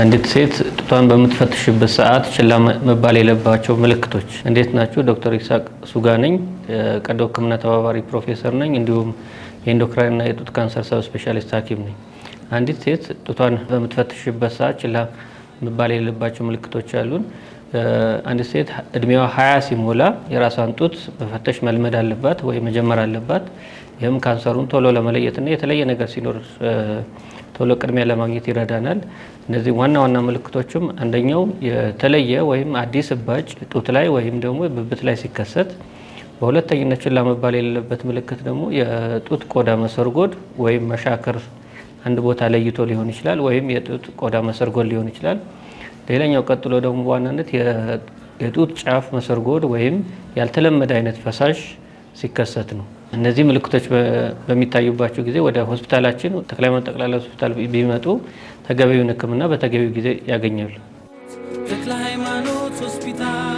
አንዲት ሴት ጡቷን በምትፈትሽበት ሰዓት ችላ መባል የለባቸው ምልክቶች እንዴት ናቸው? ዶክተር ይስሐቅ ሱጋ ነኝ። ቀዶ ሕክምና ተባባሪ ፕሮፌሰር ነኝ። እንዲሁም የኢንዶክራይንና የጡት ካንሰር ሰብ ስፔሻሊስት ሐኪም ነኝ። አንዲት ሴት ጡቷን በምትፈትሽበት ሰዓት ችላ መባል የለባቸው ምልክቶች አሉን። አንዲት ሴት እድሜዋ ሀያ ሲሞላ የራሷን ጡት መፈተሽ መልመድ አለባት ወይ መጀመር አለባት። ይህም ካንሰሩን ቶሎ ለመለየትና የተለየ ነገር ሲኖር ቶሎ ቅድሚያ ለማግኘት ይረዳናል። እነዚህ ዋና ዋና ምልክቶችም አንደኛው የተለየ ወይም አዲስ እባጭ ጡት ላይ ወይም ደግሞ ብብት ላይ ሲከሰት፣ በሁለተኝነት ችላ መባል የሌለበት ምልክት ደግሞ የጡት ቆዳ መሰርጎድ ወይም መሻክር አንድ ቦታ ለይቶ ሊሆን ይችላል፣ ወይም የጡት ቆዳ መሰርጎድ ሊሆን ይችላል። ሌላኛው ቀጥሎ ደግሞ በዋናነት የጡት ጫፍ መሰርጎድ ወይም ያልተለመደ አይነት ፈሳሽ ሲከሰት ነው። እነዚህ ምልክቶች በሚታዩባቸው ጊዜ ወደ ሆስፒታላችን ተክለ ሃይማኖት ጠቅላላ ሆስፒታል ቢመጡ ተገቢውን ሕክምና በተገቢው ጊዜ ያገኛሉ። ተክለ ሃይማኖት ሆስፒታል